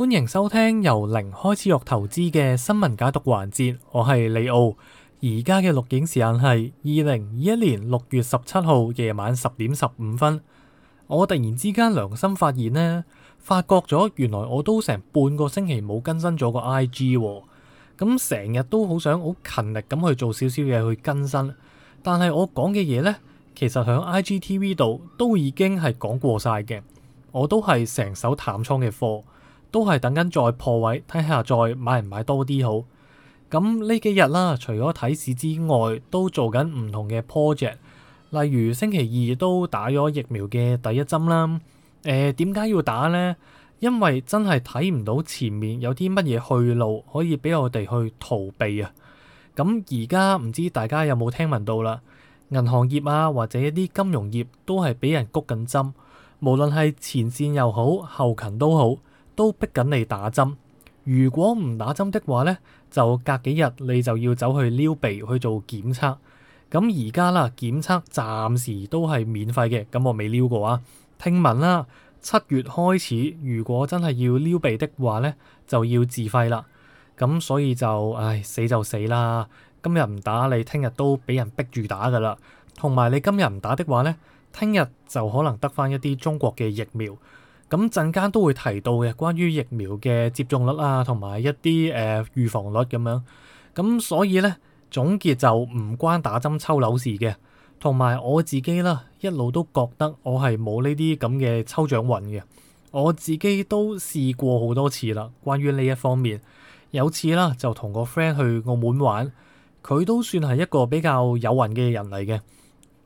歡迎收聽由零開始學投資嘅新聞解讀環節，我係李奧。而家嘅錄影時間係二零二一年六月十七號夜晚十點十五分。我突然之間良心發現呢，發覺咗原來我都成半個星期冇更新咗個 I G 咁，成日都好想好勤力咁去做少少嘢去更新。但係我講嘅嘢呢，其實喺 I G T V 度都已經係講過晒嘅，我都係成手淡倉嘅貨。都係等緊再破位，睇下再買唔買多啲好。咁呢幾日啦、啊，除咗睇市之外，都做緊唔同嘅 project。例如星期二都打咗疫苗嘅第一針啦。誒、欸，點解要打呢？因為真係睇唔到前面有啲乜嘢去路可以俾我哋去逃避啊。咁而家唔知大家有冇聽聞到啦？銀行業啊，或者啲金融業都係俾人谷緊針，無論係前綫又好，後勤都好。都逼緊你打針，如果唔打針的話咧，就隔幾日你就要走去撩鼻去做檢測。咁而家啦，檢測暫時都係免費嘅，咁我未撩過啊。聽聞啦，七月開始，如果真係要撩鼻的話咧，就要自費啦。咁所以就唉死就死啦，今日唔打你，聽日都俾人逼住打㗎啦。同埋你今日唔打的話咧，聽日就可能得返一啲中國嘅疫苗。咁陣間都會提到嘅，關於疫苗嘅接種率啊，同埋一啲誒、呃、預防率咁、啊、樣。咁、嗯、所以咧，總結就唔關打針抽樓事嘅。同埋我自己啦，一路都覺得我係冇呢啲咁嘅抽獎運嘅。我自己都試過好多次啦，關於呢一方面。有次啦，就同個 friend 去澳門玩，佢都算係一個比較有運嘅人嚟嘅。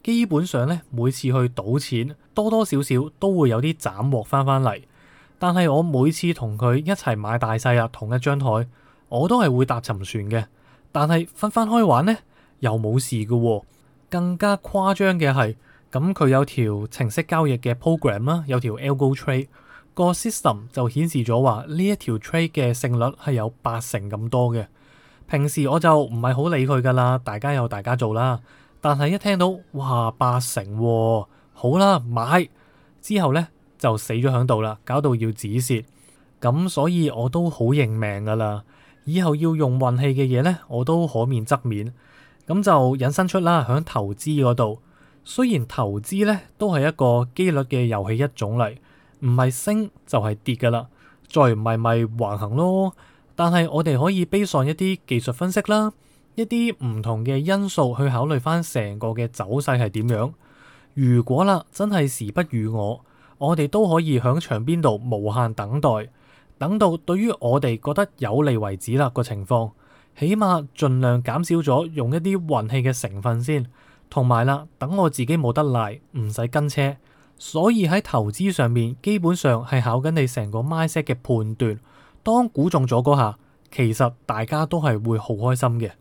基本上咧，每次去賭錢，多多少少都會有啲斬獲翻返嚟。但係我每次同佢一齊買大細啊，同一張台，我都係會搭沉船嘅。但係分翻開玩呢，又冇事嘅喎、哦。更加誇張嘅係，咁佢有條程式交易嘅 program 啦，有條 algo trade 個 system 就顯示咗話呢一條 trade 嘅勝率係有八成咁多嘅。平時我就唔係好理佢噶啦，大家有大家做啦。但係一聽到哇八成、哦，好啦買之後咧就死咗喺度啦，搞到要止蝕。咁所以我都好認命噶啦。以後要用運氣嘅嘢咧，我都可免則免。咁就引申出啦，喺投資嗰度，雖然投資咧都係一個機率嘅遊戲一種嚟，唔係升就係跌噶啦，再唔係咪橫行咯。但係我哋可以 base on 一啲技術分析啦。一啲唔同嘅因素去考慮翻成個嘅走勢係點樣。如果啦真係時不與我，我哋都可以響場邊度無限等待，等到對於我哋覺得有利為止啦。這個情況起碼盡量減少咗用一啲運氣嘅成分先，同埋啦等我自己冇得賴，唔使跟車。所以喺投資上面，基本上係考緊你成個 market 嘅判斷。當估中咗嗰下，其實大家都係會好開心嘅。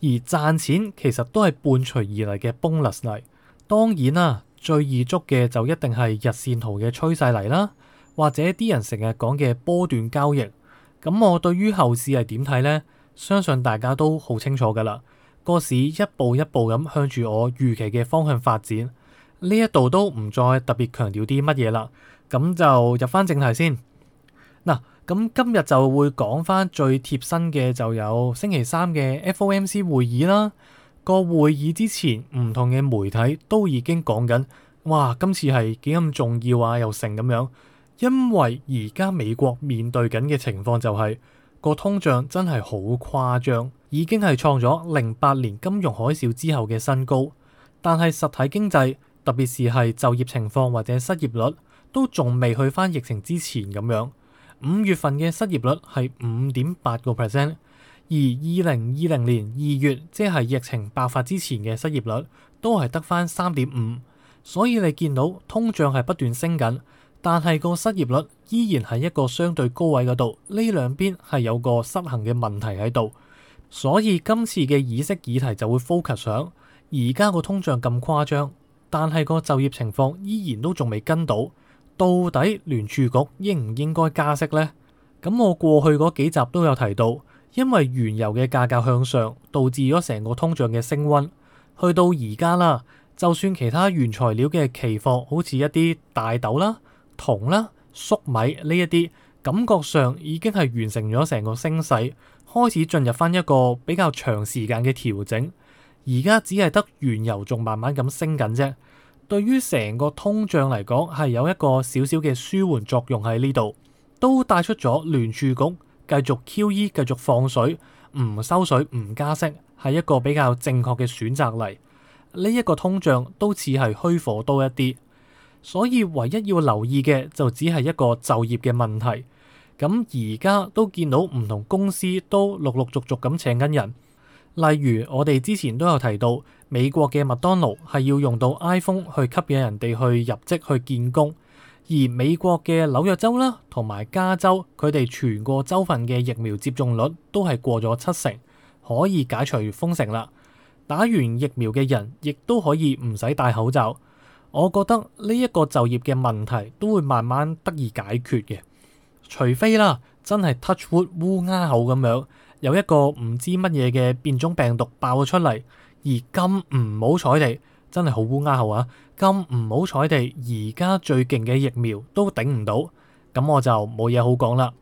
而賺錢其實都係伴隨而嚟嘅 bonus 嚟，當然啦、啊，最易捉嘅就一定係日線圖嘅趨勢嚟啦，或者啲人成日講嘅波段交易。咁我對於後市係點睇呢？相信大家都好清楚噶啦，個市一步一步咁向住我預期嘅方向發展，呢一度都唔再特別強調啲乜嘢啦。咁就入翻正題先，嗱、啊。咁今日就會講翻最貼身嘅，就有星期三嘅 FOMC 會議啦。個會議之前，唔同嘅媒體都已經講緊，哇！今次係幾咁重要啊，又成咁樣。因為而家美國面對緊嘅情況就係、是個通脹真係好誇張，已經係創咗零八年金融海嘯之後嘅新高。但係實體經濟，特別是係就業情況或者失業率，都仲未去翻疫情之前咁樣。五月份嘅失業率係五點八個 percent，而二零二零年二月，即係疫情爆發之前嘅失業率，都係得返三點五。所以你見到通脹係不斷升緊，但係個失業率依然喺一個相對高位嗰度。呢兩邊係有個失衡嘅問題喺度，所以今次嘅議息議題就會 focus 上。而家個通脹咁誇張，但係個就業情況依然都仲未跟到。到底聯儲局應唔應該加息呢？咁我過去嗰幾集都有提到，因為原油嘅價格向上，導致咗成個通脹嘅升溫。去到而家啦，就算其他原材料嘅期貨，好似一啲大豆啦、銅啦、粟米呢一啲，感覺上已經係完成咗成個升勢，開始進入翻一個比較長時間嘅調整。而家只係得原油仲慢慢咁升緊啫。對於成個通脹嚟講，係有一個小小嘅舒緩作用喺呢度，都帶出咗聯儲局繼續 QE、繼續放水，唔收水、唔加息，係一個比較正確嘅選擇嚟。呢、這、一個通脹都似係虛火多一啲，所以唯一要留意嘅就只係一個就業嘅問題。咁而家都見到唔同公司都陸陸續續咁請緊人。例如我哋之前都有提到，美國嘅麥當勞係要用到 iPhone 去吸引人哋去入職去見工，而美國嘅紐約州啦同埋加州，佢哋全個州份嘅疫苗接種率都係過咗七成，可以解除封城啦。打完疫苗嘅人亦都可以唔使戴口罩。我覺得呢一個就業嘅問題都會慢慢得以解決嘅，除非啦真係 touch wood 烏鴉口咁樣。有一個唔知乜嘢嘅變種病毒爆咗出嚟，而咁唔好彩地，真係好烏鴉后啊！咁唔好彩地，而家最勁嘅疫苗都頂唔到，咁我就冇嘢好講啦。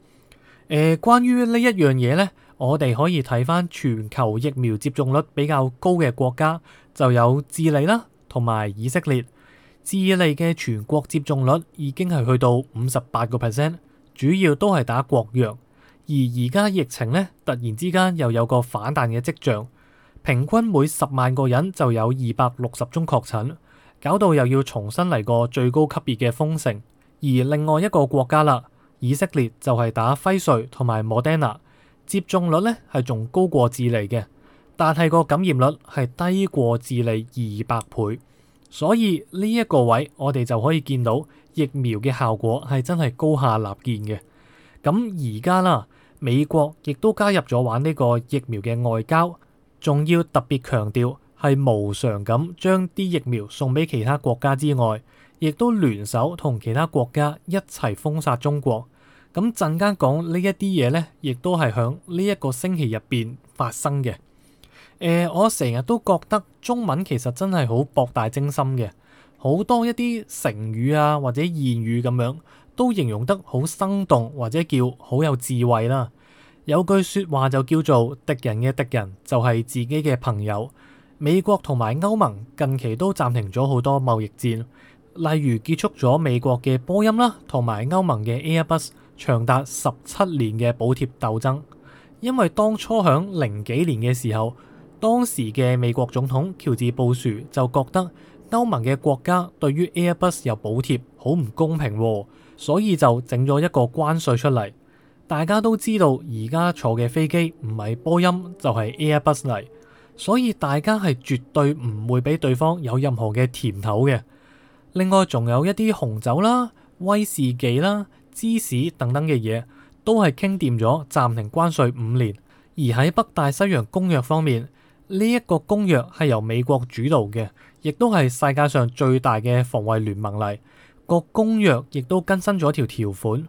誒、呃，關於呢一樣嘢呢，我哋可以睇翻全球疫苗接種率比較高嘅國家，就有智利啦，同埋以色列。智利嘅全國接種率已經係去到五十八個 percent，主要都係打國藥。而而家疫情咧，突然之間又有個反彈嘅跡象，平均每十萬個人就有二百六十宗確診，搞到又要重新嚟過最高級別嘅封城。而另外一個國家啦，以色列就係打輝瑞同埋莫丹娜，接種率咧係仲高過智利嘅，但係個感染率係低過智利二百倍。所以呢一個位，我哋就可以見到疫苗嘅效果係真係高下立見嘅。咁而家啦。美國亦都加入咗玩呢個疫苗嘅外交，仲要特別強調係無償咁將啲疫苗送俾其他國家之外，亦都聯手同其他國家一齊封殺中國。咁陣間講呢一啲嘢呢，亦都係響呢一個星期入邊發生嘅。誒、呃，我成日都覺得中文其實真係好博大精深嘅，好多一啲成語啊或者諺語咁樣，都形容得好生動或者叫好有智慧啦。有句説話就叫做敵人嘅敵人就係自己嘅朋友。美國同埋歐盟近期都暫停咗好多貿易戰，例如結束咗美國嘅波音啦，同埋歐盟嘅 Airbus 長達十七年嘅補貼鬥爭。因為當初響零幾年嘅時候，當時嘅美國總統喬治布殊就覺得歐盟嘅國家對於 Airbus 有補貼好唔公平，所以就整咗一個關稅出嚟。大家都知道，而家坐嘅飛機唔係波音就係 Airbus 嚟，所以大家係絕對唔會俾對方有任何嘅甜頭嘅。另外，仲有一啲紅酒啦、威士忌啦、芝士等等嘅嘢，都係傾掂咗，暫停關稅五年。而喺北大西洋公約方面，呢一個公約係由美國主導嘅，亦都係世界上最大嘅防衞聯盟嚟。個公約亦都更新咗條條款。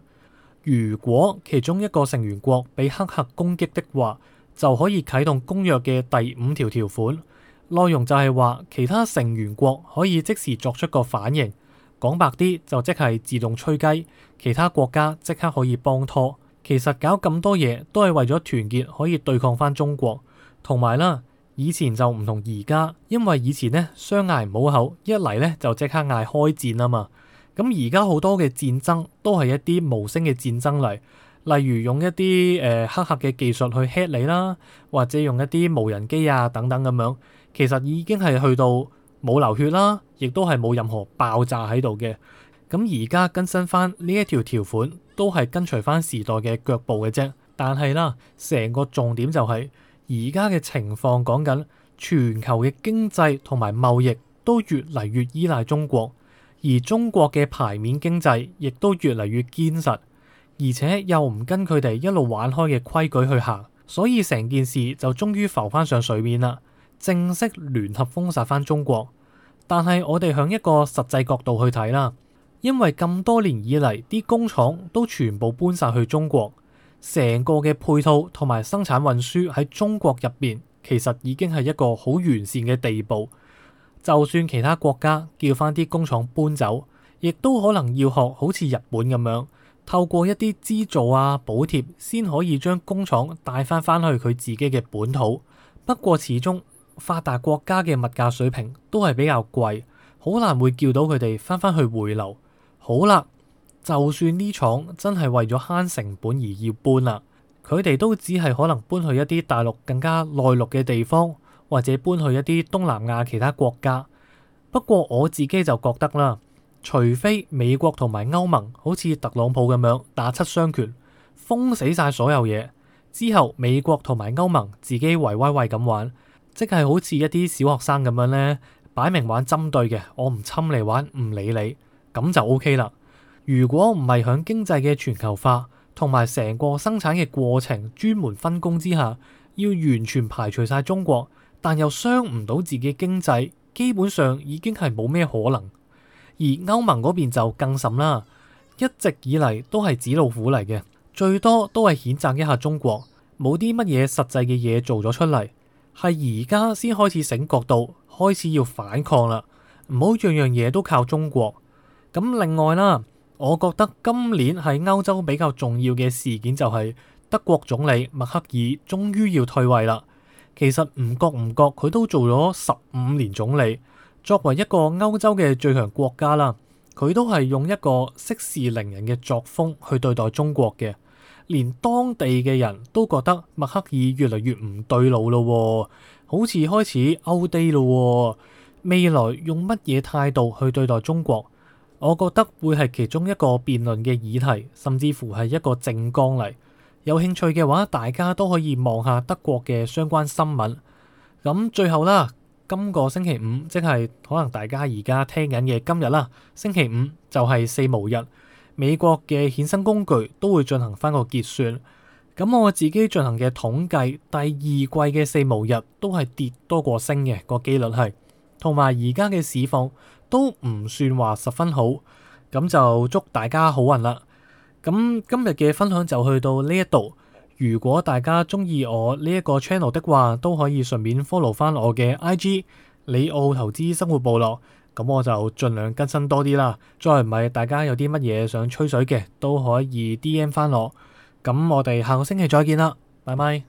如果其中一個成員國被黑客攻擊的話，就可以啟動公約嘅第五條條款，內容就係話其他成員國可以即時作出個反應。講白啲，就即係自動吹雞，其他國家即刻可以幫拖。其實搞咁多嘢都係為咗團結，可以對抗翻中國。同埋啦，以前就唔同而家，因為以前呢，相嗌唔好口，一嚟呢就即刻嗌開戰啊嘛。.咁而家好多嘅戰爭都係一啲無聲嘅戰爭嚟，例如用一啲誒、呃、黑客嘅技術去 hit 你啦，或者用一啲無人機啊等等咁樣，其實已經係去到冇流血啦，亦都係冇任何爆炸喺度嘅。咁而家更新翻呢一條條款，都係跟隨翻時代嘅腳步嘅啫。但係啦，成個重點就係而家嘅情況，講緊全球嘅經濟同埋貿易都越嚟越依賴中國。而中國嘅牌面經濟亦都越嚟越堅實，而且又唔跟佢哋一路玩開嘅規矩去行，所以成件事就終於浮翻上水面啦，正式聯合封殺翻中國。但係我哋向一個實際角度去睇啦，因為咁多年以嚟，啲工廠都全部搬晒去中國，成個嘅配套同埋生產運輸喺中國入邊，其實已經係一個好完善嘅地步。就算其他國家叫翻啲工廠搬走，亦都可能要學好似日本咁樣，透過一啲資助啊、補貼，先可以將工廠帶翻翻去佢自己嘅本土。不過始終發達國家嘅物價水平都係比較貴，好難會叫到佢哋翻翻去回流。好啦，就算呢廠真係為咗慳成本而要搬啦，佢哋都只係可能搬去一啲大陸更加內陸嘅地方。或者搬去一啲東南亞其他國家，不過我自己就覺得啦，除非美國同埋歐盟好似特朗普咁樣打七傷拳，封死晒所有嘢，之後美國同埋歐盟自己圍威喂咁玩，即係好似一啲小學生咁樣咧，擺明玩針對嘅，我唔侵你玩，唔理你，咁就 O K 啦。如果唔係響經濟嘅全球化同埋成個生產嘅過程專門分工之下，要完全排除晒中國。但又傷唔到自己經濟，基本上已經係冇咩可能。而歐盟嗰邊就更甚啦，一直以嚟都係紙老虎嚟嘅，最多都係譴責一下中國，冇啲乜嘢實際嘅嘢做咗出嚟，係而家先開始醒覺到，開始要反抗啦，唔好樣樣嘢都靠中國。咁另外啦，我覺得今年喺歐洲比較重要嘅事件就係德國總理默克爾終於要退位啦。其實唔覺唔覺，佢都做咗十五年總理。作為一個歐洲嘅最強國家啦，佢都係用一個息事寧人嘅作風去對待中國嘅。連當地嘅人都覺得默克爾越嚟越唔對路咯，好似開始 out day 咯。未來用乜嘢態度去對待中國，我覺得會係其中一個辯論嘅議題，甚至乎係一個政綱嚟。有興趣嘅話，大家都可以望下德國嘅相關新聞。咁最後啦，今個星期五即係可能大家而家聽緊嘅今日啦，星期五就係四毛日，美國嘅衍生工具都會進行翻個結算。咁我自己進行嘅統計，第二季嘅四毛日都係跌多過升嘅個機率係，同埋而家嘅市況都唔算話十分好。咁就祝大家好運啦！咁今日嘅分享就去到呢一度。如果大家中意我呢一個 channel 的話，都可以順便 follow 翻我嘅 IG 李奧投資生活部落。咁我就盡量更新多啲啦。再唔係，大家有啲乜嘢想吹水嘅，都可以 DM 翻我。咁我哋下個星期再見啦，拜拜。